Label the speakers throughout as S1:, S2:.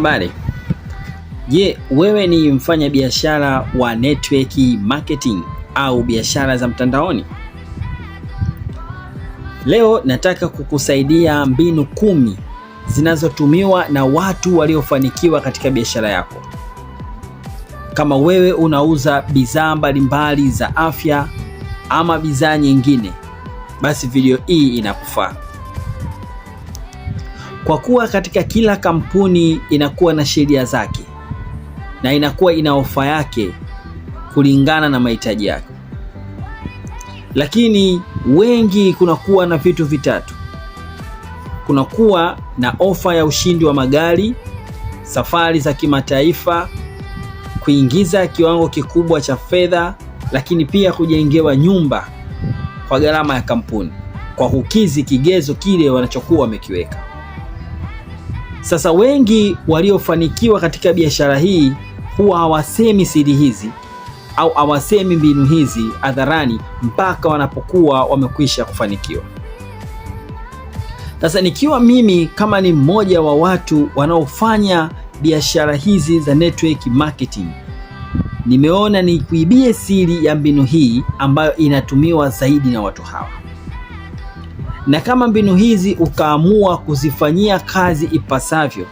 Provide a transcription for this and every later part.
S1: Habari. Je, wewe ni mfanyabiashara wa network marketing au biashara za mtandaoni? Leo nataka kukusaidia mbinu kumi zinazotumiwa na watu waliofanikiwa katika biashara yako. Kama wewe unauza bidhaa mbalimbali za afya ama bidhaa nyingine, basi video hii inakufaa. Kwa kuwa katika kila kampuni inakuwa na sheria zake na inakuwa ina ofa yake kulingana na mahitaji yake, lakini wengi kunakuwa na vitu vitatu. Kunakuwa na ofa ya ushindi wa magari, safari za kimataifa, kuingiza kiwango kikubwa cha fedha, lakini pia kujengewa nyumba kwa gharama ya kampuni, kwa kukizi kigezo kile wanachokuwa wamekiweka. Sasa wengi waliofanikiwa katika biashara hii huwa hawasemi siri hizi au hawasemi mbinu hizi hadharani mpaka wanapokuwa wamekwisha kufanikiwa. Sasa nikiwa mimi kama ni mmoja wa watu wanaofanya biashara hizi za network marketing, nimeona ni kuibie siri ya mbinu hii ambayo inatumiwa zaidi na watu hawa na kama mbinu hizi ukaamua kuzifanyia kazi ipasavyo,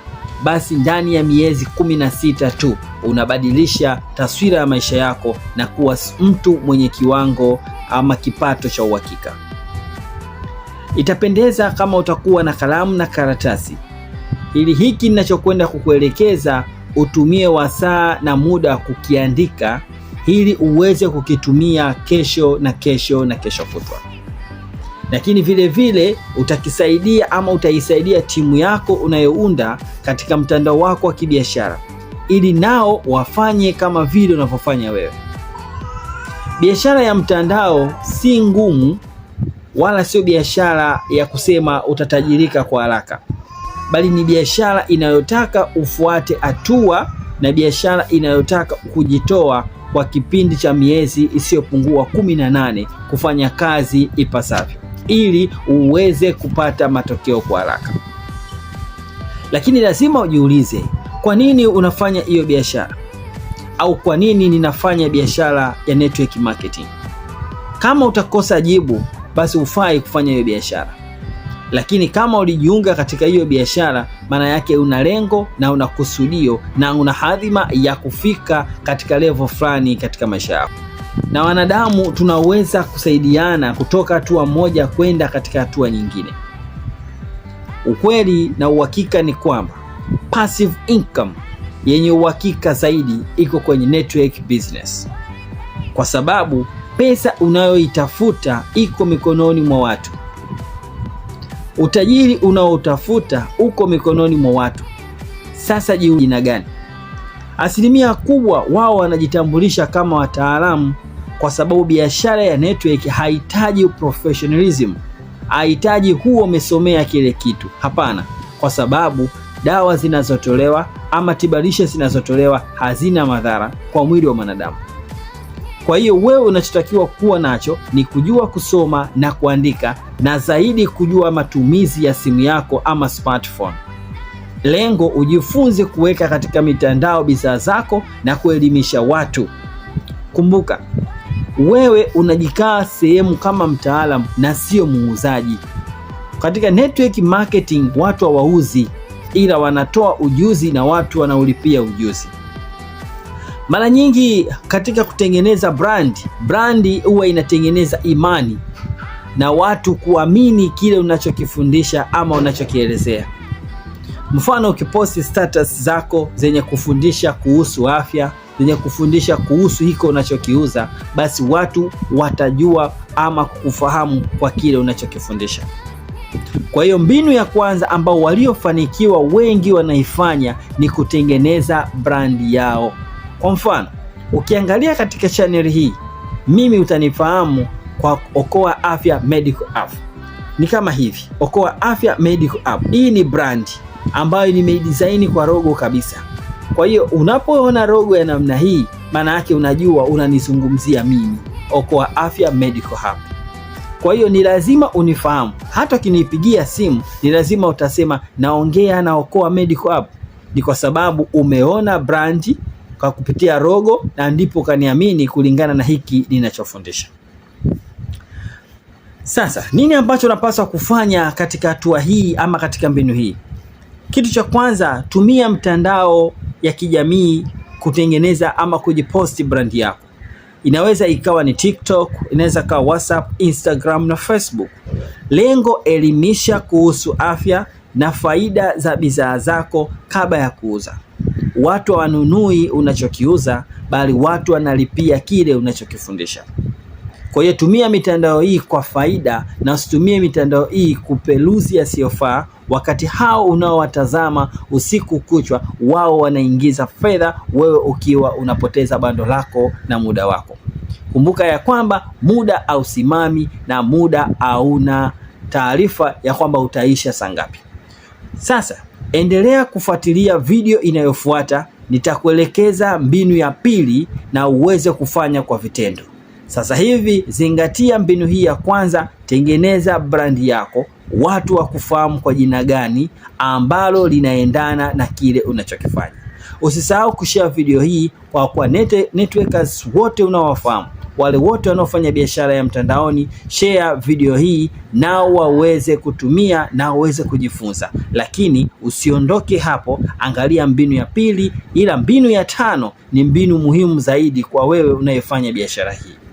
S1: basi ndani ya miezi kumi na sita tu unabadilisha taswira ya maisha yako na kuwa mtu mwenye kiwango ama kipato cha uhakika. Itapendeza kama utakuwa na kalamu na karatasi, ili hiki ninachokwenda kukuelekeza utumie wasaa na muda kukiandika, ili uweze kukitumia kesho na kesho na kesho kutwa lakini vile vile utakisaidia ama utaisaidia timu yako unayounda katika mtandao wako wa kibiashara, ili nao wafanye kama vile unavyofanya wewe. Biashara ya mtandao si ngumu, wala sio biashara ya kusema utatajirika kwa haraka, bali ni biashara inayotaka ufuate hatua na biashara inayotaka kujitoa kwa kipindi cha miezi isiyopungua 18 kufanya kazi ipasavyo ili uweze kupata matokeo kwa haraka. Lakini lazima ujiulize, kwa nini unafanya hiyo biashara? Au kwa nini ninafanya biashara ya network marketing? Kama utakosa jibu, basi hufai kufanya hiyo biashara. Lakini kama ulijiunga katika hiyo biashara, maana yake una lengo na una kusudio na una hadhima ya kufika katika level fulani katika maisha yako na wanadamu tunaweza kusaidiana kutoka hatua moja kwenda katika hatua nyingine. Ukweli na uhakika ni kwamba passive income yenye uhakika zaidi iko kwenye network business, kwa sababu pesa unayoitafuta iko mikononi mwa watu. Utajiri unaotafuta uko mikononi mwa watu. Sasa jiunge na gani? Asilimia kubwa wao wanajitambulisha kama wataalamu kwa sababu biashara ya network haihitaji professionalism, haihitaji huo umesomea kile kitu. Hapana, kwa sababu dawa zinazotolewa ama tibarishe zinazotolewa hazina madhara kwa mwili wa mwanadamu. Kwa hiyo wewe unachotakiwa kuwa nacho ni kujua kusoma na kuandika, na zaidi kujua matumizi ya simu yako ama smartphone lengo ujifunze kuweka katika mitandao bidhaa zako na kuelimisha watu. Kumbuka wewe unajikaa sehemu kama mtaalamu na sio muuzaji. Katika network marketing watu hawauzi, ila wanatoa ujuzi na watu wanaulipia ujuzi. Mara nyingi katika kutengeneza brand, brandi huwa inatengeneza imani na watu kuamini kile unachokifundisha ama unachokielezea. Mfano, ukiposti status zako zenye kufundisha kuhusu afya, zenye kufundisha kuhusu hiko unachokiuza, basi watu watajua ama kufahamu kwa kile unachokifundisha. Kwa hiyo mbinu ya kwanza ambao waliofanikiwa wengi wanaifanya ni kutengeneza brandi yao. Kwa mfano, ukiangalia katika chaneli hii, mimi utanifahamu kwa Okoa Afya Medical App. Ni kama hivi, Okoa Afya Medical App. Hii ni brandi ambayo nimeidesign kwa rogo kabisa. Kwa hiyo unapoona rogo ya namna hii, maana yake unajua unanizungumzia mimi, Okoa Afya Medical Hub. Kwa hiyo ni lazima unifahamu, hata ukinipigia simu ni lazima utasema naongea na Okoa Medical Hub. Ni kwa sababu umeona brandi kwa kupitia rogo na ndipo ukaniamini kulingana na hiki ninachofundisha. Sasa nini ambacho unapaswa kufanya katika hatua hii ama katika mbinu hii? Kitu cha kwanza, tumia mtandao ya kijamii kutengeneza ama kujiposti brand yako. Inaweza ikawa ni TikTok, inaweza ikawa WhatsApp, Instagram na Facebook. Lengo, elimisha kuhusu afya na faida za bidhaa zako kabla ya kuuza. Watu hawanunui unachokiuza, bali watu wanalipia kile unachokifundisha. Kwa hiyo tumia mitandao hii kwa faida na usitumie mitandao hii kupeluzi yasiyofaa, wakati hao unaowatazama usiku kuchwa wao wanaingiza fedha, wewe ukiwa unapoteza bando lako na muda wako. Kumbuka ya kwamba muda hausimami na muda hauna taarifa ya kwamba utaisha saa ngapi. Sasa endelea kufuatilia video inayofuata, nitakuelekeza mbinu ya pili na uweze kufanya kwa vitendo. Sasa hivi zingatia mbinu hii ya kwanza, tengeneza brandi yako, watu wa kufahamu kwa jina gani ambalo linaendana na kile unachokifanya. Usisahau kushare video hii kwa kwa net, networkers wote unaowafahamu wale wote wanaofanya biashara ya mtandaoni, share video hii nao waweze kutumia na waweze kujifunza. Lakini usiondoke hapo, angalia mbinu ya pili, ila mbinu ya tano ni mbinu muhimu zaidi kwa wewe unayefanya biashara hii.